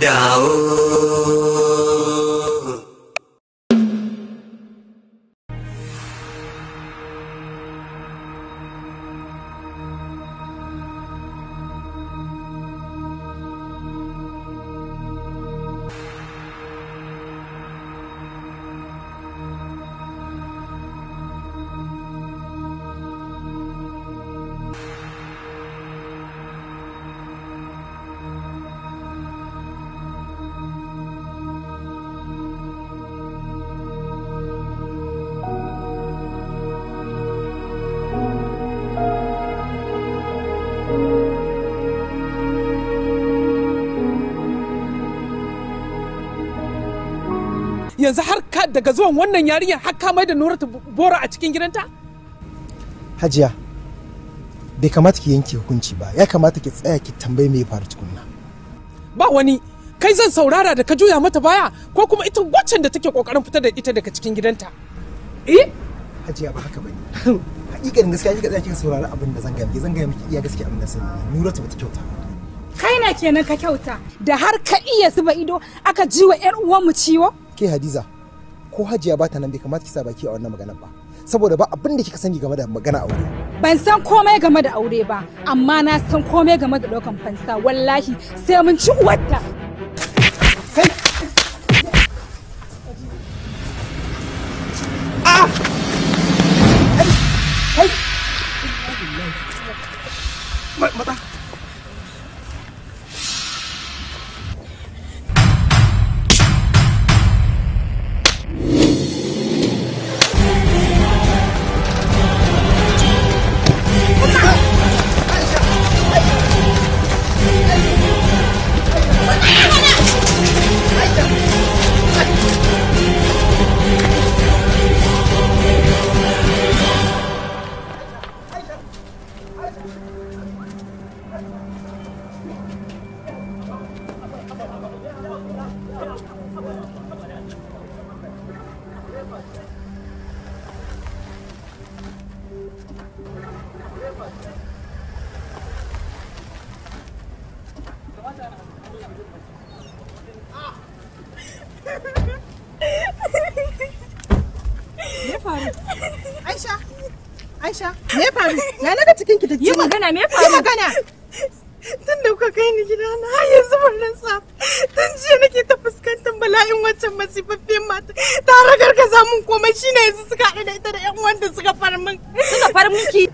down. yanzu har ka daga zuwan wannan yarinyar har ka mai da nura bora a cikin gidanta hajiya bai kamata ki yanke hukunci ba ya kamata ki tsaya ki tambayi mai ya faru tukunna ba wani kai zan saurara da ka juya mata baya ko kuma ita waccan da take kokarin fita da ita daga cikin gidanta eh hajiya ba haka bane hakikanin gaskiya kika tsaya kika saurara abin da zan ga miki zan ga miki iya gaskiya abin da sani nura ta bata kyauta kaina kenan ka kyauta da har ka iya zuba ido aka jiwa yar uwan mu ciwo ke hadiza ko hajiya ba ta nan bai kamata ki sa baki a wannan magana ba saboda ba abin da kika sani game da magana aure ban san komai game da aure ba amma na san komai game da ɗaukan fansa wallahi sai mun ci uwarta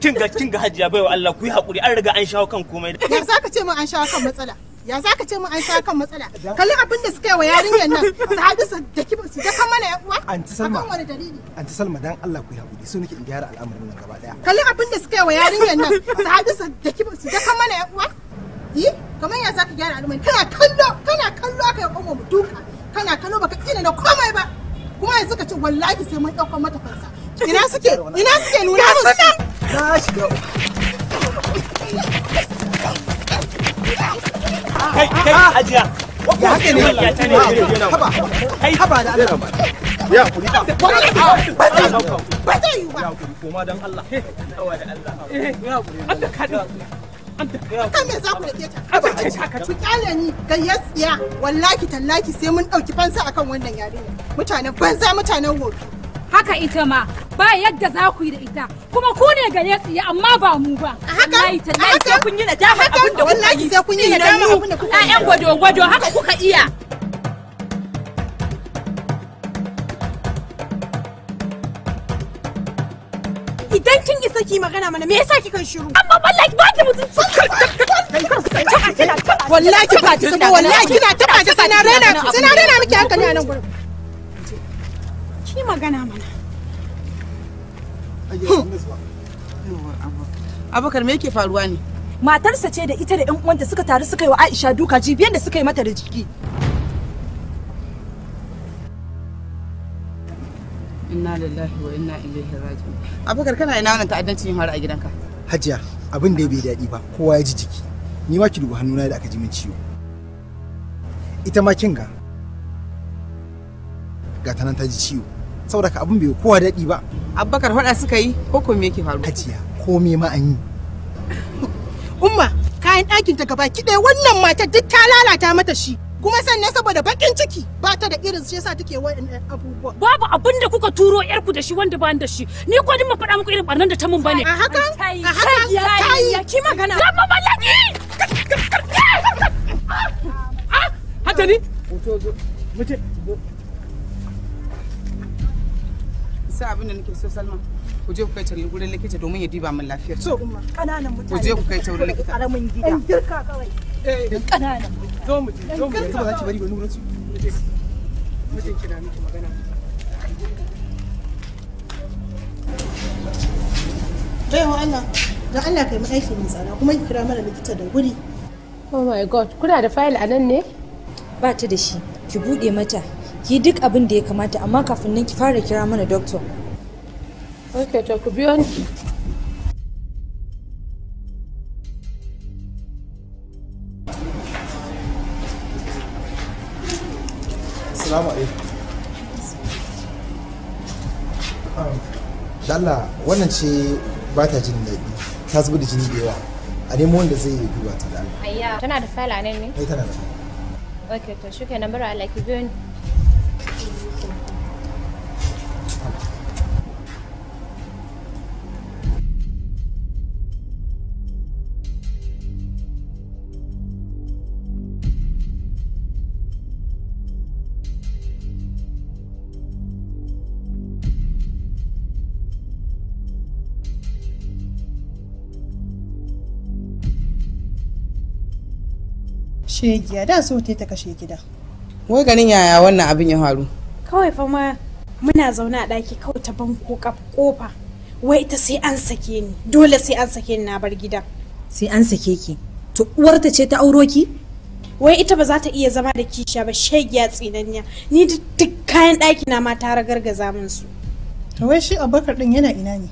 kinga kinga hajiya baiwa Allah ku yi hakuri an riga an shawo kan komai ya zaka ce min an shawo kan matsala ya zaka ce mun an shawo kan matsala kalli abin da suka yi wa yarinyar nan su haɗu su daki su daka mana yan uwa anti salma wani dalili anti salma dan Allah ku yi hakuri so nake in gyara al'amarin nan gaba daya kalli abin da suka yi wa yarinyar nan su haɗu su daki su daka mana yan uwa yi kamar ya zaka gyara al'amarin kana kallo kana kallo aka yi komo mu duka kana kallo baka tsina da komai ba kuma yanzu ka ce wallahi sai mun ɗauko mata fansa ina suke ina suke nuna su nan na shiga kai kai ah. ajiya ya haka ne ah, haba kai haba da Allah ya kuri ta ba zai ba zai yi ba koma dan Allah eh. eh, hawa da Allah ya kuri Allah kan me za ku rike ta ba ce ta kyale ni ga yatsiya wallahi tallaki sai mun ɗauki fansa akan wannan yarinya mutanen banza mutanen wofi haka ita ma ba yadda za ku yi da ita kuma ku ne gare tsiye amma ba mu ba haka tallahi sai kun yi nadama abin da kuka yi sai kun yi nadama abin da kuka yi yan gwado gwado haka kuka iya idan kin isa ki magana mana me yasa kika shiru amma wallahi ba ki mutunci wallahi ba ki wallahi kina taba da sana sanarena miki hankali a nan gurin Ki magana mana. Abokar me yake faruwa ne? Matarsa ce da ita da ɗan uwanta suka taru suka yi wa Aisha duka jibiyan da suka yi mata da jiki. Inna lillahi wa inna ilaihi raji'un. Abokar kana ina wannan ta'addancin yin a gidanka? Hajiya, abin da bai daɗi ba, kowa ya ji jiki. Ni ma ki duba hannuna da aka ji min ciwo. Ita ma kin ga. Ga ta nan ta ji ciwo. saboda ka abin bai kowa daɗi ba abbakar faɗa suka yi ko ko me yake faru hajiya ko me ma an yi umma kayan ɗakin ta gaba kiɗe wannan matar duk ta lalata mata shi kuma sannan saboda bakin ciki ba ta da irin shi yasa take wa'annan abubuwa babu abin da kuka turo yar ku da shi wanda ba da shi ni ko din ma faɗa muku irin barnan da ta mun bane a haka a haka kai ki magana zan ba mallaki ah! ah! hatani mutum sai abin ku je ku kai ta wurin ya diba min so kananan ku je ku likita karamin gida za ki bari ba su miki magana Allah don Allah kai mu aiki mai kuma ki kira mana likita da wuri oh my god kuna da file a nan ne ba ta da shi ki bude mata ki duk abin da ya kamata amma kafin nan ki fara kira mana doctor ok to ku biyo ni Assalamu alaikum. Um, dalla wannan ce ba ta jin daɗi ta zubi da jini da yawa a nemo wanda zai yi duba ta da Allah. Ayya tana da fala nan ne? Ai, eh, tana da fala. Okay to shi ke nan Allah ki biyo ni. shegiya da so ta ta kashe gida wai ganin yaya wannan abin ya faru kawai fa ma muna zaune a ɗaki kawai ta banko kofa wai ita sai an sake ni dole sai an sake ni na bar gida sai an sake ki to uwarta ce ta auro ki wai ita ba za ta iya zama da kisha ba shegiya tsinanniya ni duk kayan ɗaki na ma ta ragargaza min su to wai shi abakar din yana ina ne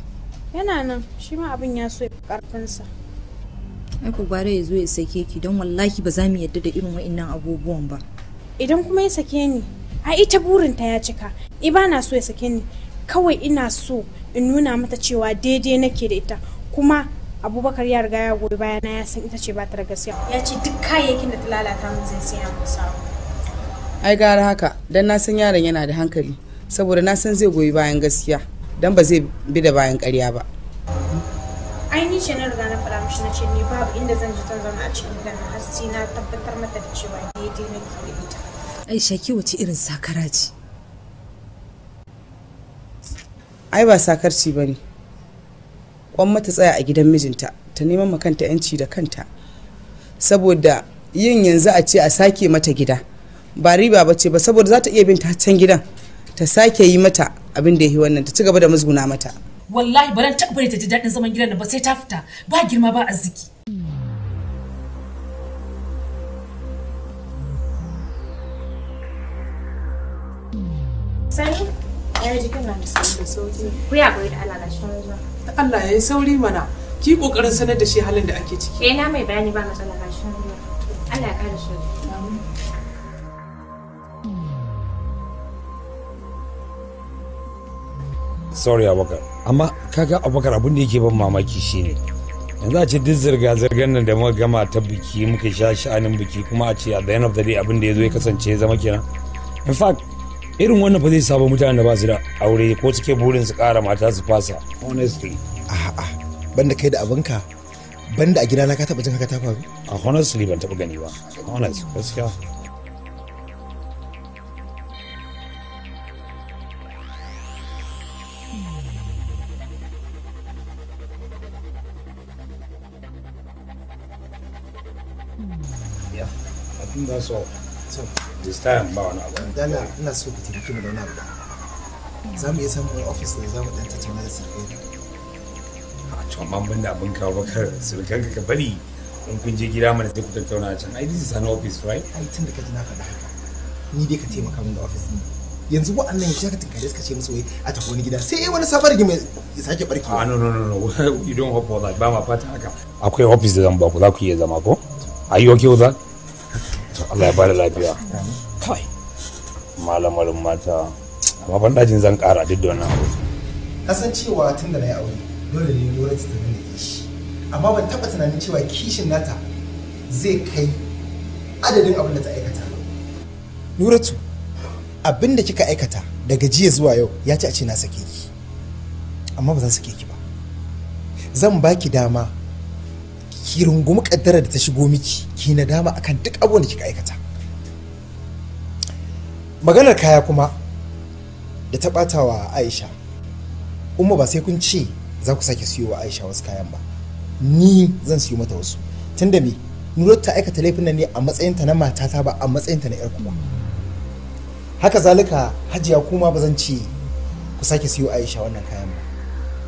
yana nan shi ma abin ya so ya fi ƙarfinsa. ai ku ya zo ya sake ki don wallahi ba za mu yadda da irin wa'annan abubuwan ba idan kuma ya sake ni a ita burinta ya cika iba na so ya sake ni kawai ina so in nuna mata cewa daidai nake da ita kuma abubakar ya riga ya goyi bayana ya san ita ce ba ta da gaskiya ya ce duk kayayyakin da ta lalata min zai saya musa ai gara haka dan na san yaron yana da hankali saboda na san zai goyi bayan gaskiya dan ba zai bi da bayan ƙarya ba aini ce na riga na fara mishi na ce ni babu inda zan ji zan a cikin gidan na har na tabbatar mata da cewa daidai na ke da ita aisha ki wace irin sakara ce ai ba sakarci ba ne kwan mata tsaya a gidan mijinta ta neman makanta yanci da kanta saboda yin yanzu a ce a sake mata gida ba riba ba ce ba saboda za ta iya bin ta can gidan ta sake yi mata abin da ya yi wannan ta ci gaba da musguna mata wallahi ba ran taɓa bari ta ji daɗin zaman gidan nan ba sai ta fita ba girma ba arziki sani ya jikin na musamman da sauri. ku ya koyi da Allah ga shi zuwa Allah ya yi sauri mana ki kokarin sanar da shi halin da ake ciki eh na mai bayani ba matsala ga shi Allah ya kare shi sorry abokar amma kaga abokar abin da yake ban mamaki shine yanzu a ce duk zirga-zirgar nan da muka gama ta biki muka sha sha'anin biki kuma a ce a the end of the day abin da ya zo ya kasance ya zama kenan in fact irin wannan ba zai saba mutanen da ba su da aure ko suke burin su kara mata su fasa honestly a'a banda kai da abinka banda a gida na ka taba jin haka ta faru ah, honestly ban taba gani ba honest gaskiya so this time ba wani abu dala ina so ku tafi da wani abu za mu iya samun wani office da za mu dan tattauna da sirri a cikin mamban da abin kawo baka sirkan ka bari in kun je gida mana sai ku tattauna a can ai this is an office right ai tun da ka ji na faɗa haka ni dai ka taimaka min da office ne yanzu ba wa'annan ya shaka tunkare suka ce musu wai a tafi wani gida sai wani safar gimi ya sake barke a ah, no no no no you don't hope for that ba ma fata haka akwai office da zan ba ku za ku iya zama ko are you okay with that Allah ya bada lafiya kai Malamarin mata amma ban dajin zan kara duk da wannan abu kasancewa tun da na yi aure dole ne lura ta tafi da kishi amma ban taba tunanin cewa kishin nata zai kai adadin abin da ta aikata Nuratu abin da kika aikata daga jiya zuwa yau ya ci a ce na sake ki amma ba zan sake ki ba zan baki dama ki rungumi kaddara da ta shigo miki ki nadama akan duk abubuwan da kika aikata maganar kaya kuma da ta bata wa aisha umma ba sai kun ce za ku sake siyo wa aisha wasu kayan ba ni zan siyo mata wasu tunda me nurar ta aikata laifin nan ne a matsayin ta na matata ba a matsayin ta na 'yar kuma haka zalika hajiya kuma ba zan ce ku sake siyo aisha wannan kayan ba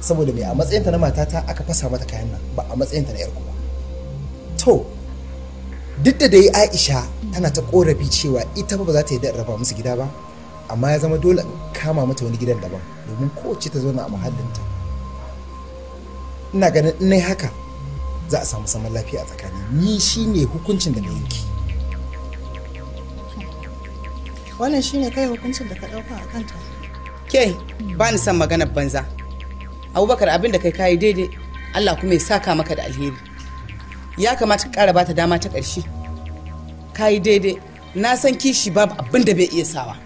saboda me a matsayin ta na matata aka fasa mata kayan nan ba a matsayin ta na 'yar kuma to duk da dai aisha tana ta korafi cewa ita ba za ta yi da raba musu gida ba amma ya zama dole kama mata wani gidan daban domin kowace ta zauna a muhallinta ina ganin in haka za a samu saman lafiya a tsakani ni shi ne hukuncin da na yanki wannan shi ne kai hukuncin da ka dauka a kanta ke ba ni son maganar banza abubakar abin da kai kayi daidai allah kuma ya saka maka da alheri ya kamata ka ƙara bata dama ta ƙarshe ka yi daidai na san kishi babu abin da bai iya sawa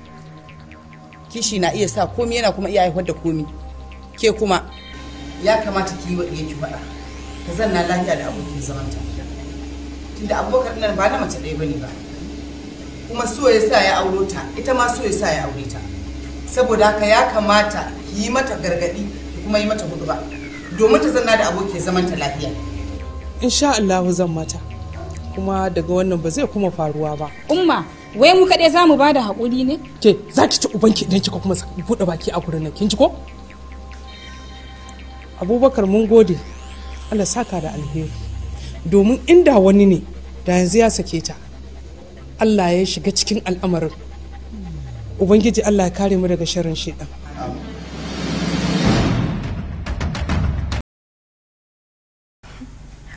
kishi na iya sa komi yana kuma iya haifar da komi ke kuma ya kamata ki yi wa ɗiyanki faɗa ka zanna lafiya da abokin zamanta tunda abokan nan ba na mace ɗaya bane ba kuma so ya sa ya auro ta ita ma so ya sa ya aure ta saboda haka ya kamata ki yi mata gargaɗi ki kuma yi mata hudu ba domin ta zanna da abokin zamanta lafiya insha Allah zan mata kuma daga wannan ba zai kuma faruwa ba umma wai mu kaɗai zamu mu ba da haƙuri ne ke za ki ci ubanki idan kika kuma buɗe baki a gurin nan kin ji ko abubakar mun gode Allah saka da alheri domin inda wani ne da yanzu ya sake ta Allah ya shiga cikin al'amarin ubangiji Allah ya kare mu daga sharrin amin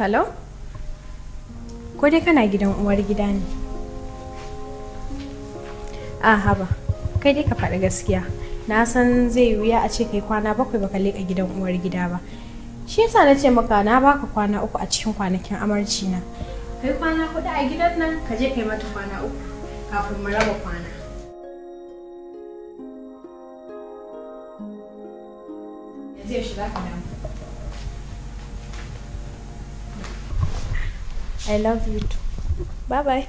Hello? Ko dai kana gidan uwar gida ne? A ah, haba, kai dai ka faɗi gaskiya. Na san zai wuya a ce kai kwana bakwai baka leƙa gidan uwar gida ba. Shi yasa na ce maka na baka kwana uku a cikin kwanakin amarci na. Kai kwana huɗu a gidan nan ka je kai mata kwana uku kafin mu raba kwana. ya shiga ka damu. I love you too. Bye bye.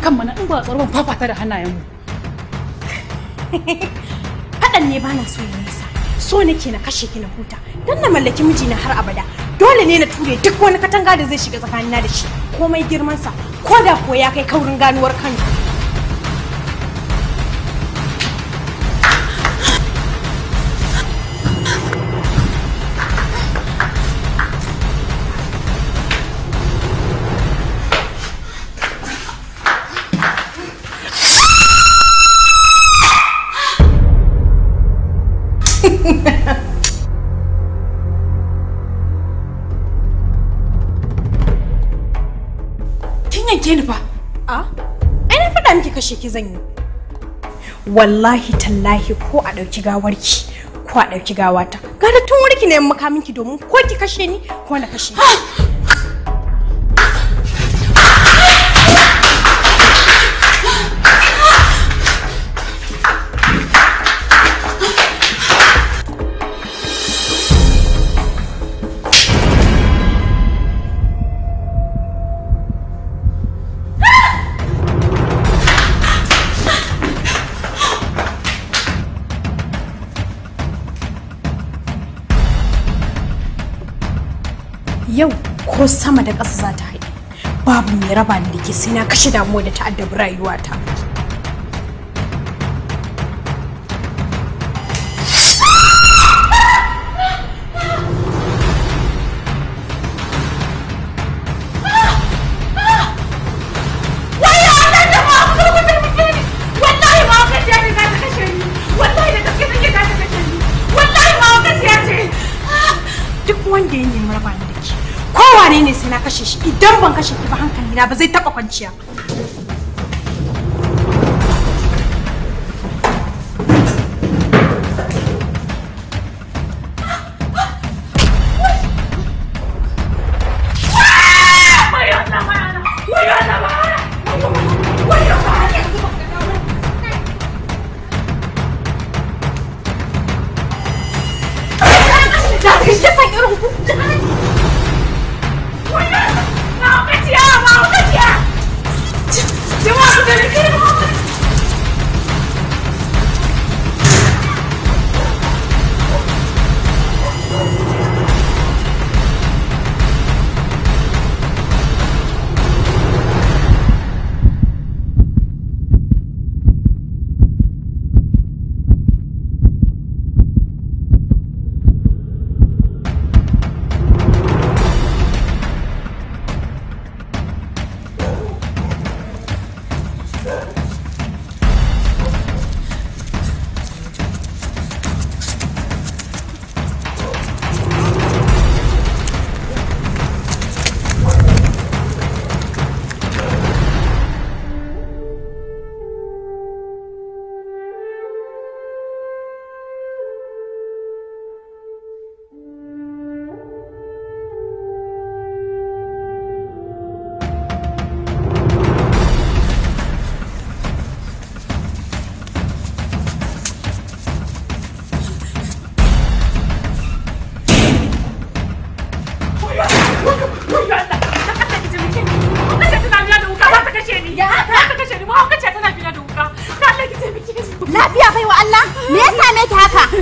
kan mana in ba fafata da hannayen mu faɗan ne bana so ne nisa so nake na kashe ki na huta dan na mallaki na har abada dole ne na ture duk wani katanga da zai shiga tsakanina da shi komai sa ko da ko ya kai kaurin ganuwar kanka zan wallahi tallahi ko a ɗauki gawarki ko a ɗauki gawata da tun wurki ne makaminki domin ko ki kashe ni ko na kashe ni da ƙasa za ta haɗe babu mai raba ni da ke sai na kashe damuwa da ta'addabi rayuwata na ba zai taba kwanciya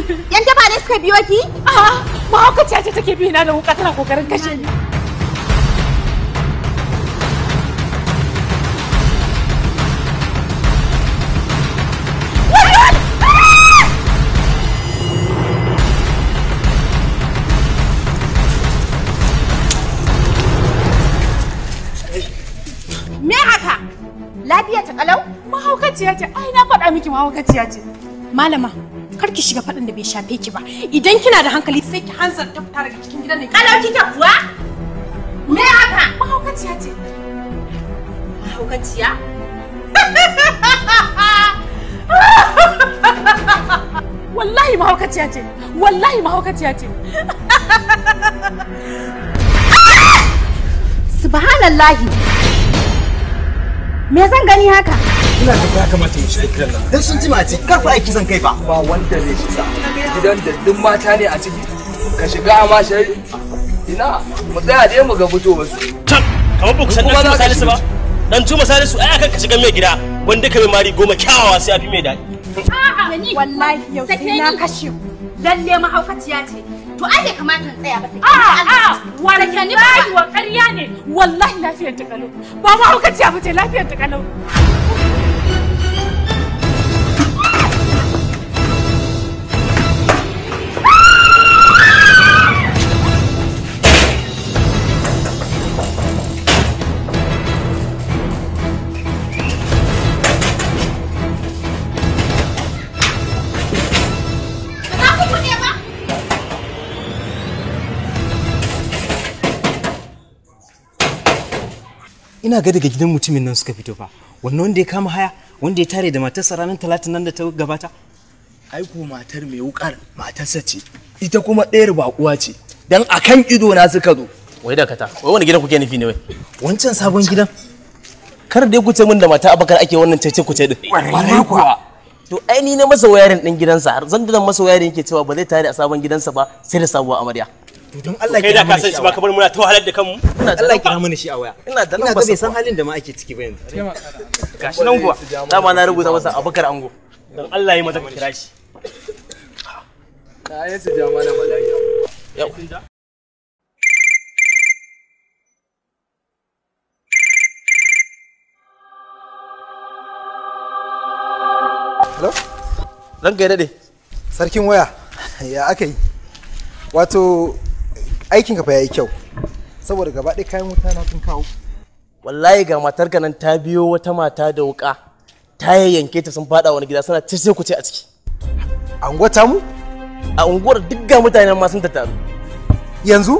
yanda ba ne suka biyo ki? Ah, mahaukaciya ce take bi na da wuka tana kokarin kashe ni. Lafiya ta kalau? Mahaukaciya ce, ai na faɗa miki mahaukaciya ce. Malama, kar ki shiga faɗin da bai shafe ki ba idan kina da hankali sai ki hanzar ta fita daga cikin gidan ne kalau ta kuwa me haka mahaukaciya ce mahaukaciya wallahi mahaukaciya ce wallahi mahaukaciya ce subhanallahi me zan gani haka ina da ya kamata mu shiga gidan nan dan sun jima ce karfa aiki zan kai ba ba wanda zai shiga gidan da duk mata ne a ciki ka shiga a ma shari ina mu tsaya dai mu ga fitowar su tab kamar ba ku san dan tuma salisu ba dan tuma salisu ai akan ka shiga mai gida wanda ka mai mari goma kyawawa sai a fi mai daɗi a'a wallahi yau sai na kashe ku lalle mahaukaciya ce to ai bai kamata in tsaya ba sai a'a warke ni ba wa ƙarya ne wallahi lafiyar ta kalau ba mahaukaciya ba ce lafiyar ta kalau ina ga daga gidan mutumin nan suka fito fa wannan wanda ya kama haya wanda ya tare da matarsa ranar talatin nan da ta gabata aiko matar mai wukar matarsa ce ita kuma ɗayar bakuwa ce dan akan ido na suka zo wai da kata wai wani gidan kuke nufi ne wai wancan sabon gidan kar dai kuce min da mata abakar ake wannan cece kuce din kwarai kuwa to ai ni na masa wayarin din gidansa har zan masa wayarin yake cewa ba zai tare a sabon gidansa ba sai da sabuwar amarya to don Allah kira mana shi ba kamar muna ta wahalar da kanmu ina Allah kira mana shi a waya ina da lambar bai san halin da ma ake ciki ba yanzu gashi nan kuwa na rubuta masa ango don Allah ya maza kira shi na yace yau Hello? Ranka ya daɗe. Sarkin waya, ya aka yi. Wato aikin ka fa yayi kyau saboda gaba ɗaya kayan wuta na sun kawo wallahi ga matar ka nan ta biyo wata mata da wuka ta yayyanke ta sun fada wani gida suna ta sai ku ce a ciki A ta mu a unguwar duk ga mutane ma sun tattaru yanzu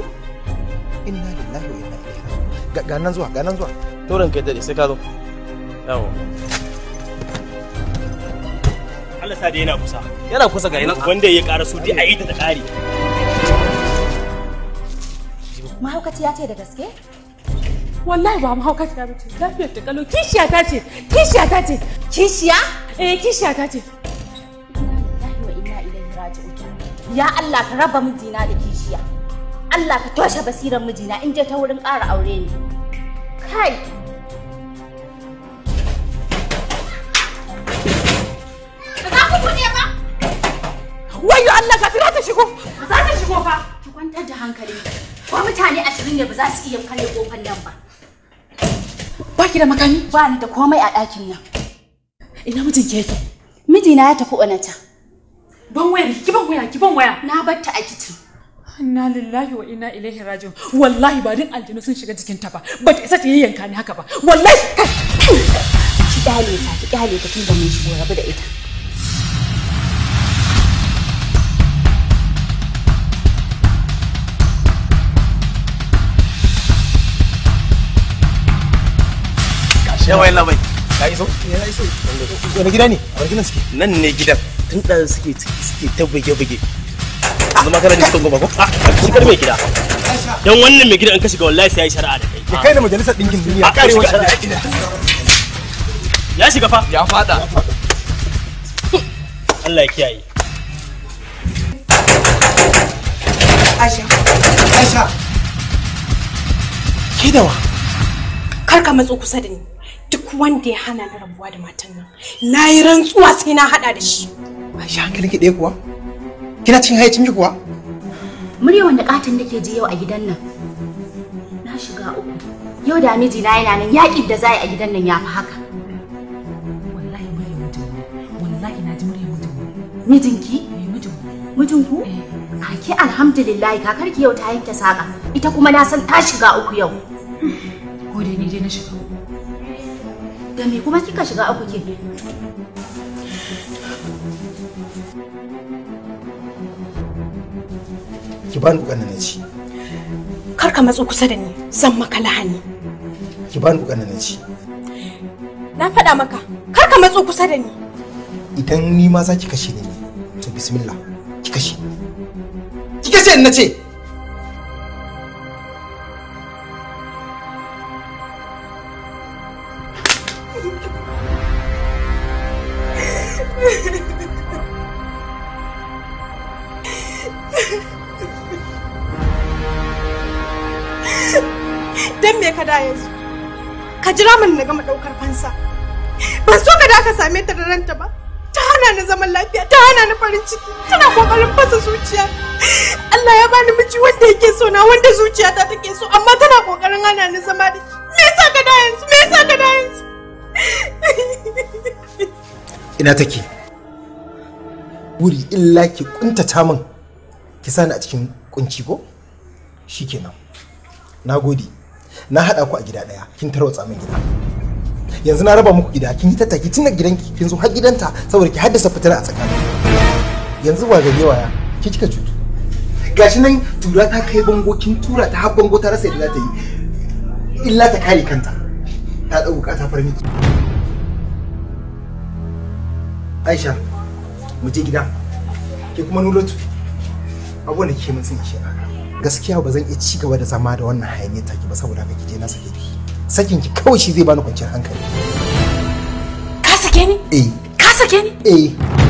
inna lillahi wa inna ilaihi ga nan zuwa ga nan zuwa to ran kai dare sai ka zo yawo Allah sa dai yana kusa yana kusa ga nan wanda ya ƙara su dai a yi ta da ƙari mahaukaci ya ce da gaske wallahi ba mahaukaci ba ce lafiyar ta kalo kishiya ta ce kishiya ta ce kishiya eh kishiya ta ce wa ya Allah ka raba mijina da kishiya Allah ka toshe basiran mijina in je ta wurin ƙara aure ni kai Wayo Allah ka tira ta shigo, za ta shigo fa. Ki kwantar da hankali. Ko mutane ashirin ne ba za su iya kare kofar nan ba. Ba ki da makami? Ba ni da komai a ɗakin nan. Ina mijin ke yake? Mijina ya tafi onata. Ban waya ki ban waya ki ban waya. Na batta a kitin. Inna lillahi wa inna ilaihi raji'un. Wallahi ba din aljinu sun shiga jikin ta ba. Ba ta isa ta yanka ni haka ba. Wallahi. Ki dale ta ki dale ta tun da mun shigo rabu da ita. yawa yana bai ka ya iso gida ne a gidan suke nan ne gidan tun da suke suke ta yanzu ma kana goma ko shi gida dan wannan mai gida an ka shiga wallahi sai ya da ya kai da majalisar dinkin ya fa ya Allah ya kiyaye Aisha Aisha Kidawa kar ka matso kusa da ni wanda ya hana ni rabuwa da matan nan na yi rantsuwa sai na hada da shi a shi hankali ki ɗaya kuwa kina cin hayyacin ki kuwa murya wanda katin ke ji yau a gidan nan na shiga uku yau da miji na yana nan yaƙin da za a gidan nan ya fi haka wallahi murya mutum wallahi na ji murya mutum mijinki eh, mijinku eh. kake alhamdulillah kakarki yau ta yanke saka ita kuma na san ta shiga uku yau ko dai ni dai na shiga uku da me kuma kika shiga a kuke ki bani kukan na ci kar ka matso kusa da ni zan maka lahani ki bani kukan na ci na faɗa maka kar ka matso kusa da ni idan ni ma za ki kashe ni to bismillah ki kashe ki kashe ni na ce farin ciki tana kokarin fasa zuciya Allah ya bani miji wanda yake so na wanda zuciya ta take so amma tana kokarin hana ni zama da shi me yasa ka da yanzu me yasa ka da yanzu ina take wuri illa ki kuntata min ki sani a cikin kunci ko shikenan na gode na haɗa ku a gida ɗaya kin tarwatsa min gida yanzu na raba muku gida kin yi tattaki tun gidanki kin zo har gidanta saboda ki haddasa fitina a tsakani yanzu ba gari waya ki kika cutu gashi nan tura ta kai bango kin tura ta har bango ta rasa yadda ta yi illa ta kare kanta ta dau ta farmi Aisha mu je gida ke kuma nulotu abubuwan da ke mun sun ishe gaskiya ba zan iya ci gaba da zama da wannan hayaniyar take ba saboda haka kije na sake ki sakin ki kawai shi zai bani kwanciyar hankali ka sake ni eh ka sake ni eh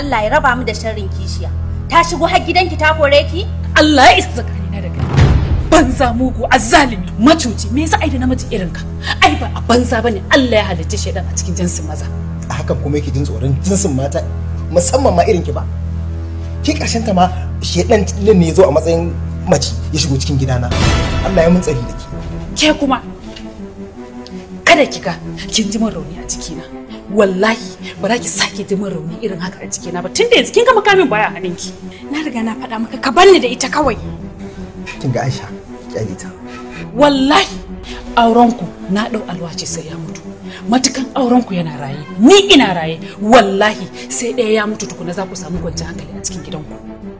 Allah ya raba mu da sharrin kishiya ta shigo har gidanki ta kore ki Allah ya isa tsakanina da kai banza mugu azzalimi macuci me yasa ai da namiji irin ka ai ba a banza bane Allah ya halicci shaidan a cikin jinsin maza a hakan kuma yake jin tsoron jinsin mata musamman ma irin ki ba ki karshen ta ma shaidan ne ya zo a matsayin mace ya shigo cikin gidana Allah ya mun tsari da ke ke kuma kada ki ga kin ji min rauni a cikina wallahi ba za ki sake ji rauni irin haka a cikina ba tunda yanzu kin gama kamin baya hannunki na riga na faɗa maka ka barni da ita kawai kin ga Aisha kyali ta wallahi aurenku na ɗau alwaci sai ya mutu matukan aurenku yana raye ni ina raye wallahi sai ɗaya ya mutu tukuna za ku samu kwanciyar hankali a cikin gidanku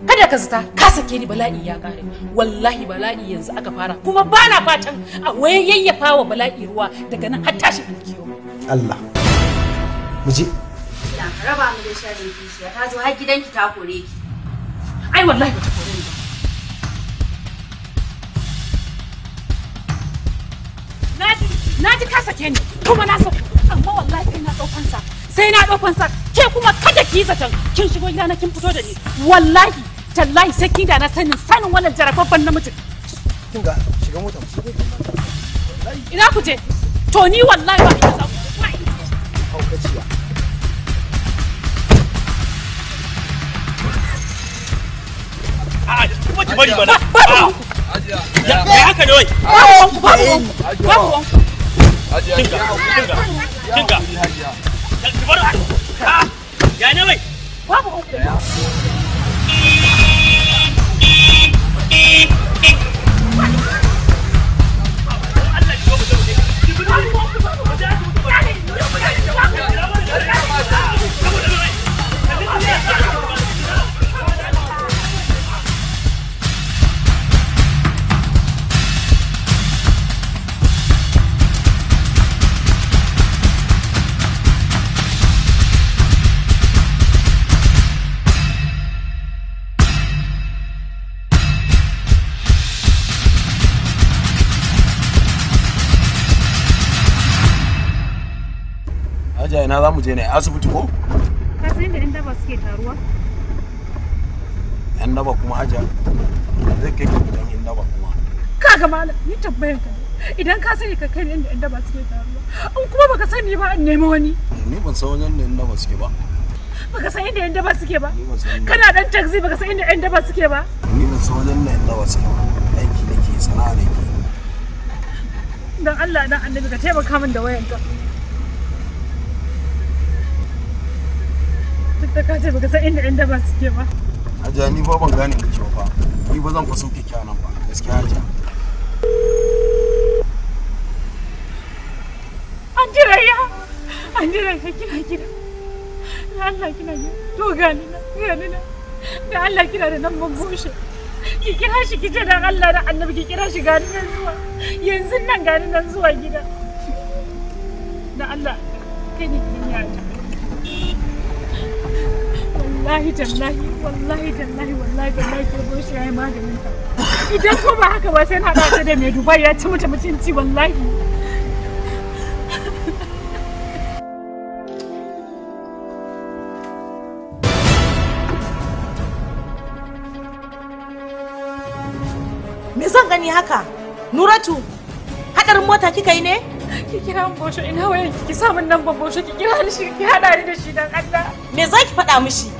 kada ka zata ka sake ni bala'i ya kare wallahi bala'i yanzu aka fara kuma bana fatan a waye yayyafa wa bala'i ruwa daga nan har tashi Allah mu je ka raba mu da ni na ka kuma na amma wallahi sai na ɗaukan sa sai na ɗaukan sa ke kada ki yi zaton kin shigo kin fito da ni wallahi tallahi sai kin da na sanin sanin wannan jarababban namijin kin ga ina ku je to ni wallahi ba ina za ku mahaukaciya kuma ki bari bana ya haka ne wai kinga kinga kinga ki bari ya ne wai babu ina za mu je ne asibiti ko ka san da yan daba suke taruwa yan daba kuma haja zai kai gidan yan daba kuma ga malam ni tabbayar ka idan ka sani ka kai inda yan daba suke taruwa an kuma baka sani ba an nemi wani ni ban san wajen da yan daba suke ba baka san inda yan daba suke ba kana dan taxi baka san inda yan daba suke ba ni ban san wajen da yan daba suke ba aiki nake sana'a nake dan Allah dan annabi ka taimaka min da wayanka da ka ce baka san inda inda ba suke ba Hajiya ni fa ban gane kake ba ni ba zan fa sauke kyanan ba gaskiya Hajiya an jira ya an jira ya kira gida da Allah kina gida to gani na gani na da Allah kina da nan ban bushe ki kira shi ki ce dan Allah da annabi ki kira shi gani nan zuwa yanzu nan gani nan zuwa gida da Allah kai ne kin yarda wallahi tallahi wallahi tallahi wallahi tallahi ke zo shi yayi maganin ta idan ko ba haka ba sai na haɗa ta da mai dubai ya ci mata mutunci wallahi Me zan gani haka? Nuratu, hadarin mota kika yi ne? ki kira min bosho ina wayan ki samun min nan bosho ki kira ni shi ki hada ni da shi dan Allah me zaki faɗa mishi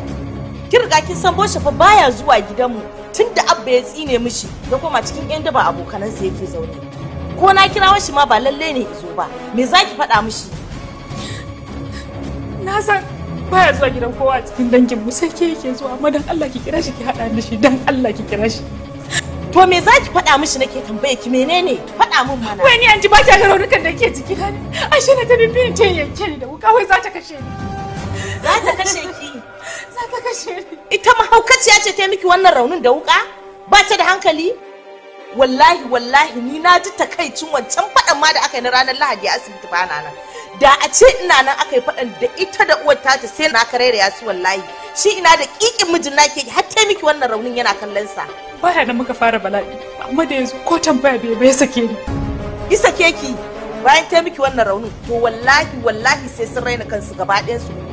kirga kin san boshe fa baya zuwa gidanmu tunda abba ya tsine mishi da koma cikin yan daba abokanansa yake zaune ko na kira shi ma ba lalle ne izo ba me zaki faɗa mishi na san baya zuwa gidan kowa a cikin dangin mu sai ke yake zuwa amma dan Allah ki kira shi ki haɗa da shi dan Allah ki kira shi to me zaki faɗa mishi nake tambaye ki menene faɗa min mana wai ni an ji ba ta ga raunukan da ke jiki ne ashe na ta bibin ta yanke ni da wuka wai za ta kashe ni za ta kashe ki ita ta kashe ni ita mahaukaciya ce ta miki wannan raunin da wuka ba ta da hankali wallahi wallahi ni na ji takaicin wancan faɗan ma da aka yi na ranar lahadi a asibiti ba na nan da a ce ina nan aka yi faɗan da ita da uwar ta sai na ka rairaya su wallahi shi ina da ƙiƙin mijin na ke har ta miki wannan raunin yana kallon sa baya da muka fara bala'i amma da yanzu ko tambaya bai bai sake ni sake ki bayan ta miki wannan raunin to wallahi wallahi sai sun raina kansu gaba ɗayan su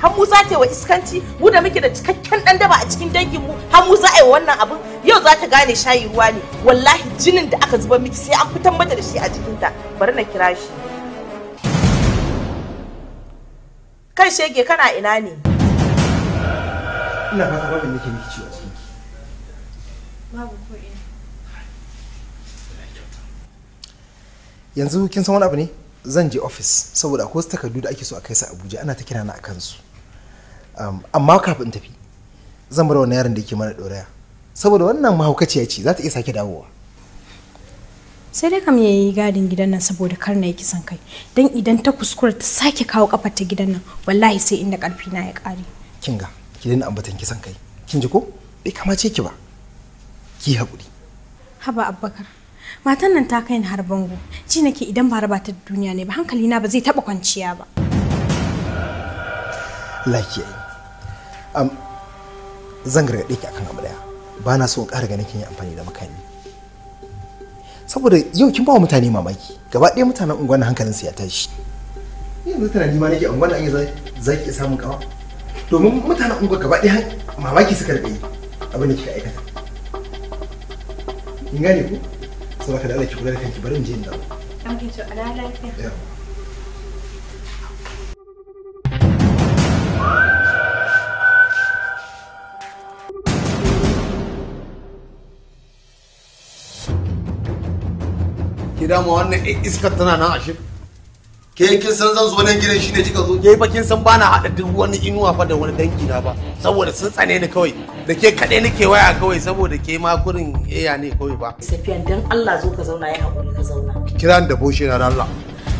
har za ta wa iskanci mu da muke da cikakken dan daba a cikin dangin mu har za a yi wannan abin yau za ta gane shayi ruwa ne wallahi jinin da aka zuba miki sai an fitan mata da shi a jikinta bari na kira shi kan shege kana ina ne ina fata babin nake miki ciwo a cikin babu yanzu kin san wani abu ne zan je ofis saboda akwai wasu takardu da ake so a kai su abuja ana ta kira na a su um, amma kafin tafi zan bar wani yaron da yake mana doraya saboda wannan mahaukaciya ce za ta iya sake dawowa sai dai kam yayi gadin gidan nan saboda kar na yi kisan kai dan idan ta kuskura ta sake kawo kafar ta gidan nan wallahi sai inda karfi na ya kare kin ga ki daina ambatan kisan kai kin ji ko bai kamace ki ba ki haƙuri haba abbakar matan nan ta kai ni har bango ji nake idan ba raba ta duniya ne ba hankali na ba zai taba kwanciya ba lafiya am zan gargaɗe ki akan abu daya ba na so in ƙara ganin kin yi amfani da makami saboda yau kin ba wa mutane mamaki gaba ɗaya mutanen unguwan su ya tashi yanzu tunani ma nake unguwan an yi zaki samun kawa domin mutanen unguwar gaba ɗaya mamaki suka rike abin da kika aikata in gane ku saboda ka da ala ki kula da kanki bari in je inda ala wannan eh, iskar tana nan a shi. ke kin san zan zo nan gidan shine kika zo ke ba kin san ba na hada duk wani inuwa fa da wani dangi na ba saboda sun tsane ni kawai da ke ni ke waya kawai saboda ke ma gurin eya ne kawai ba safiyan dan Allah zo ka zauna yayi hakuri ka zauna kira da boshi na Allah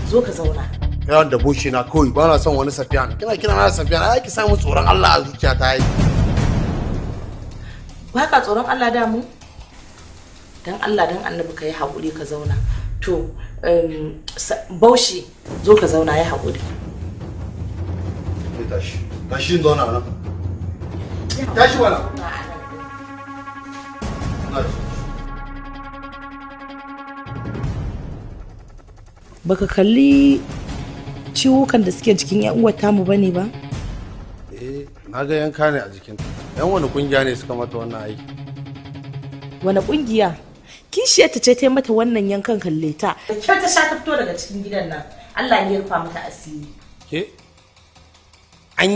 zo ka zauna kira da boshi na kawai ba na son wani safiyan kina kira na safiyan ai ki samu tsoron Allah a zuciya ta yi ba ka tsoron Allah da mu dan Allah dan annabi ka yi hakuri ka zauna to um, baushi zo ka zauna ya haƙuri tashi tashi zauna nan tashi wala baka kalli ciwukan da suke jikin yan uwar tamu bane ba eh na ga yanka ne a jikinta yan wani kungiya ne suka mata wannan aiki wani kungiya kishiyarta ce ta mata wannan yankan kalle ta da kyau ta sha ta fito daga cikin gidan nan Allah ya rufa mata asiri ke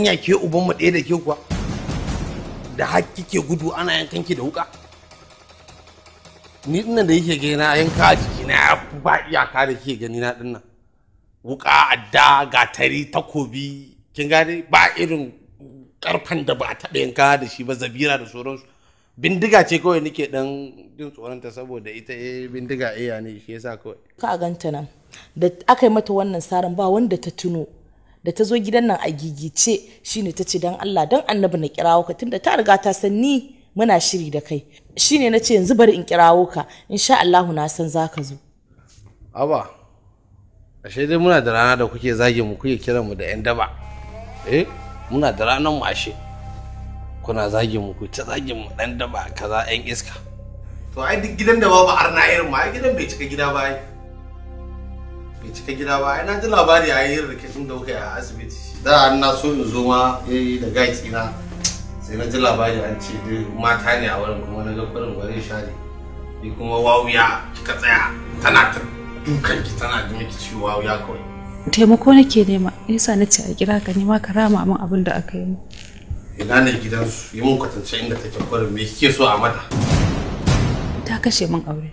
ya ke uban mu ɗaya da ke kuwa da hakki ke gudu ana yankan ki da wuka ni dinnan da yake gani na yanka a jiki na ya ba iyaka da ke gani na dinnan wuka adda gatari takobi kin gane ba irin karfan da ba a taɓa yanka da shi ba zabira da sauransu bindiga ce kawai nake dan jin tsoronta saboda ita eh bindiga iya eh, ne shi yasa kawai ka ganta nan da aka yi mata wannan saran ba wanda ta tuno da ta zo gidan nan a gigice shine ta ce dan Allah dan annabi na kirawo ka tunda ta riga ta san ni muna shiri da kai shine na ce yanzu bari in kirawo ka insha Allahu na san zaka zo aba ashe dai muna da rana da kuke zage mu kuke kira mu da yan daba eh muna da ranar mu ashe kuna zagin mu ku ta zagin mu dan ba kaza yan iska to ai duk gidan da babu arna irin ma ai gidan bai cika gida ba ai bai cika gida ba ai na ji labari a yin rikicin da kuka a asibiti da an na so in zo ma eh da gaki na sai na ji labari an ce dai mata ne a wurin kuma na ga kurin wani share ni kuma wawuya kika tsaya tana ta dukan ki tana ji miki ciwo wawuya kawai taimako nake nema na ce a kira ka nima ka rama min abin da aka yi mu ina ne gidansu yi mun kwatance inda take kwarin me kike so a mata ta kashe min aure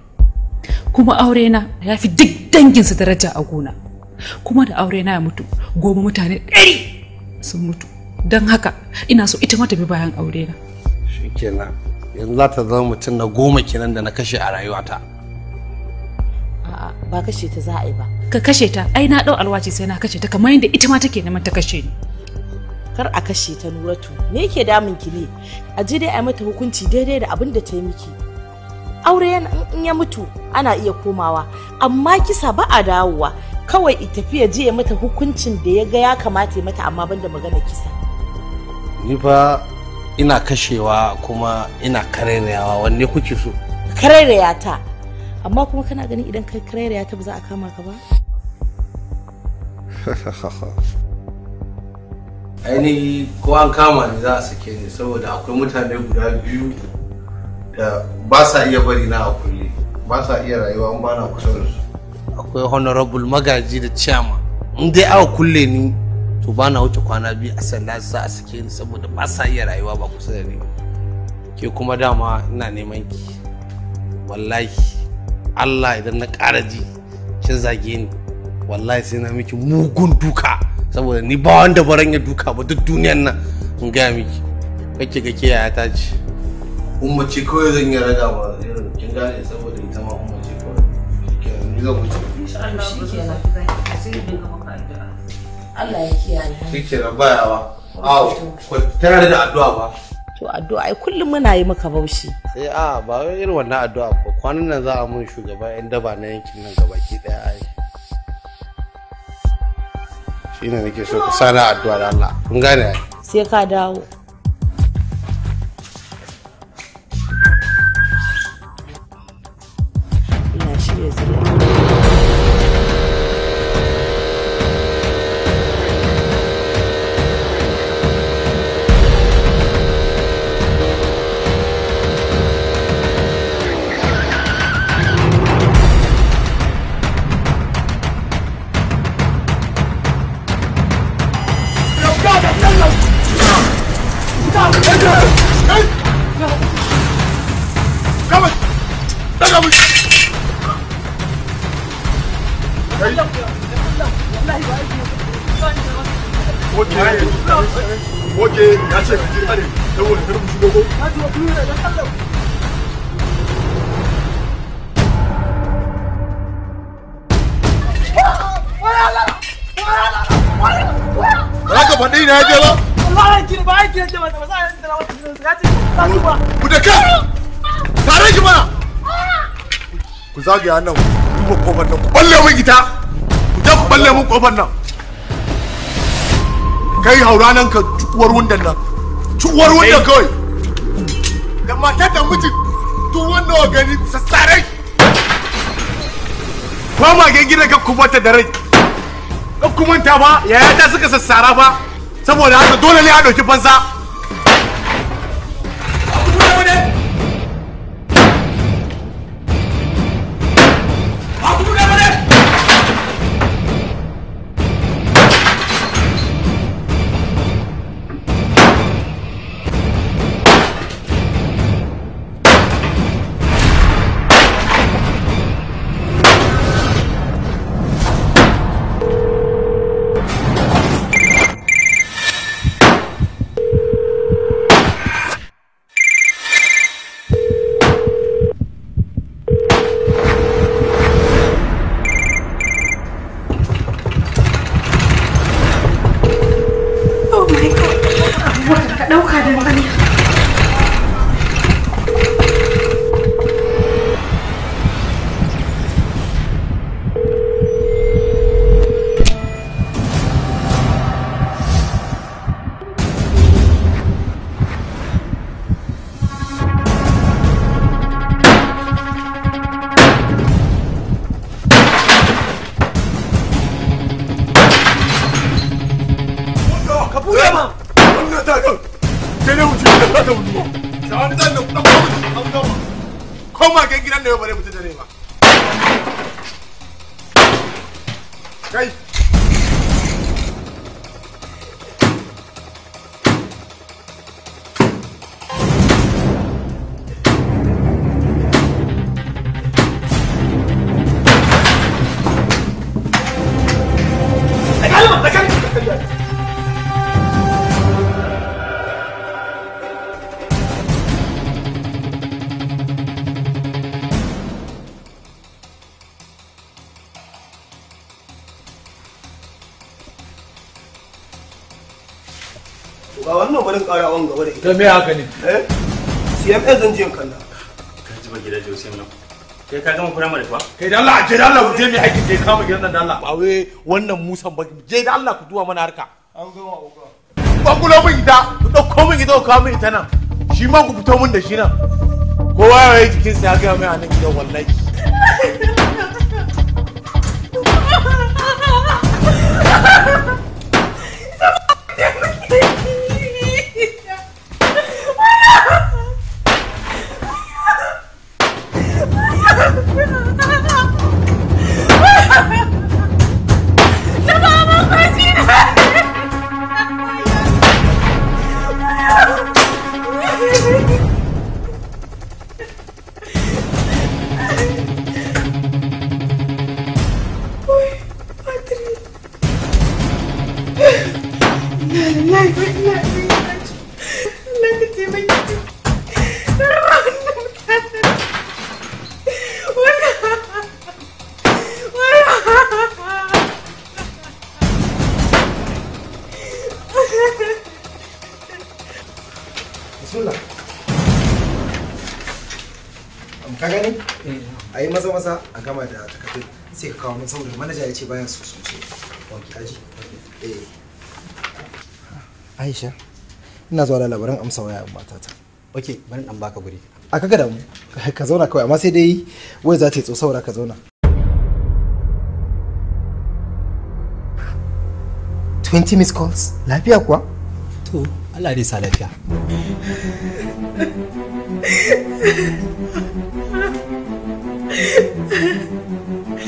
kuma aure na ya fi duk su daraja a gona kuma da aure na ya mutu goma mutane ɗari sun mutu don haka ina so ita mata bi bayan aure na shikenan yanzu za ta zama mutum na goma kenan da na kashe a rayuwata ba kashe ta za a yi ba ka kashe ta ai na ɗau alwaci sai na kashe ta kamar yadda ita ma take neman ta kashe ni kar a kashe ta nuratu me yake damun ki ne a ji dai a mata hukunci daidai da abin da ta yi miki aure in ya mutu ana iya komawa amma kisa ba a dawowa kawai tafiya je ya mata hukuncin da ya ga ya kamata ya mata amma ban da magana kisa ni fa ina kashewa kuma ina karairayawa wanne kuke so karairaya ta amma kuma kana ganin idan kai karairaya ba za a kama ka ba ainihi ko an kama ni za a sake ni saboda akwai mutane guda biyu da ba sa iya bari na a kulle ba sa iya rayuwa ba na kusa da su akwai honorable magaji da ciyama in dai kulle ni to ba na wuce kwana biyu a sanda za a sake ni saboda ba sa iya rayuwa ba kusa da ni ke kuma dama ina neman ki wallahi Allah idan na ƙara ji kin zage ni wallahi sai na miki mugun duka saboda ni ba wanda baran ya duka ba duk duniyan nan in gaya miki kake ga ke yaya ta ce Umarci ce kawai zan yi raga ba irin kin gane saboda ita ma umma ce kawai ni zan wuce insha Allah ba zai asiri din ka maka addu'a Allah ya kiyaye shi ke rabayawa awo ko tana da addu'a ba to addu'a ai kullum muna yi maka baushi sai eh, a ba irin wannan addu'a ba kwanan nan za a mun shugaba inda ba na yankin nan gabaki daya ai shine nake so ka sana addu'a da Allah kun gane sai ka dawo ban dai na je ba ba da wata ku ba da ka tare ki mana ku zagaya nan ku ba kofar nan ku balle min ita ku je ku balle min kofar nan kai haura nan ka uwar wundan nan uwar wundan kawai da matar da mijin duk wannan gani sassare ko magen gidan ka kubata da rai ku manta ba yaya ta suka sassara ba saboda haka dole ne a ɗauki fansa karin ƙara wanga wadda ita. Don me haka ne? Eh? zan kalla. ji ba gida nan. Kai ka gama firamare kuwa? Kai da Allah, je da Allah ku je mai aikin je kama gidan nan da Allah. Ba wannan musan ba, je da Allah ku duwa mana harka. An gama uka. Bangulo min ita, ku ɗauko min ita ku kawo min ita nan. Shi ma ku fito min da shi nan. Kowa ya yi jikinsa ya gaya mai a nan gidan wallahi. ne saboda manaja ya ce baya so su ce eh Aisha ina zuwa da labaran amsa waya amma matata ok bari dan baka guri a kaga da ka zauna kawai amma sai dai wai za ta yi tso saura ka zauna 20 miss calls lafiya kuwa to Allah dai sa lafiya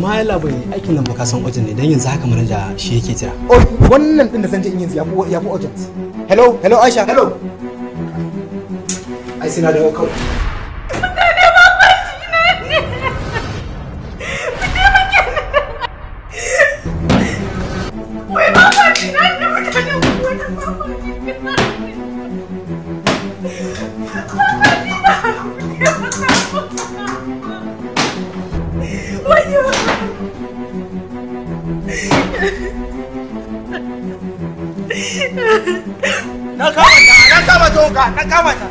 amma ya labai aikin nan baka san ojin ne dan yanzu haka manaja shi yake jira oh wannan din da zan je in yanzu ya fi ya fi urgent hello hello aisha hello ai sai na da kawai Na kama ta, na kama ta, na kama ta.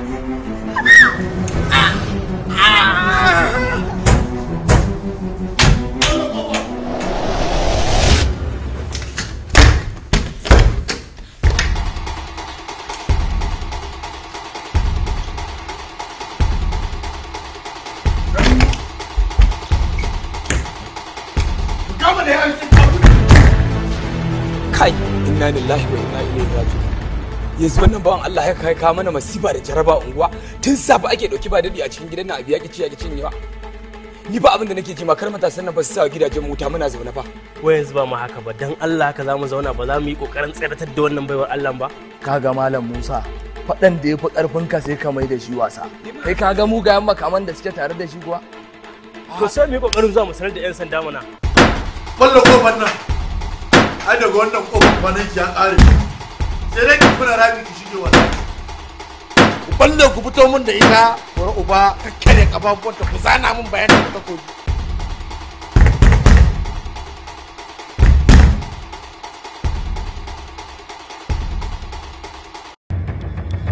yanzu wannan bawan Allah ya kai kawo mana masifa da jaraba unguwa tun safe ake dauki ba dadi a cikin gidan na abu yaki ci yaki cinyewa ni ba abin da nake ji ma kar matasan nan ba su sa gidajen ta muna zaune ba wai yanzu ba mu haka ba dan Allah haka zamu zauna ba za mu yi kokarin tsiratar da wannan baiwar Allah ba kaga malam Musa faɗan da ya fi ƙarfinka sai ka mai da shi wasa kai ka ga mugayen makaman da suke tare da shi kuwa to sai mu yi ƙoƙarin zuwa mu sanar da 'yan sanda mana Kwallo kofar nan ai daga wannan kofar kwanan ya ƙare sai dai ki fura rami ki shige wallahi ku balle ku fito mun da ita ko uba kakkare ta ku zana min bayanin da kuka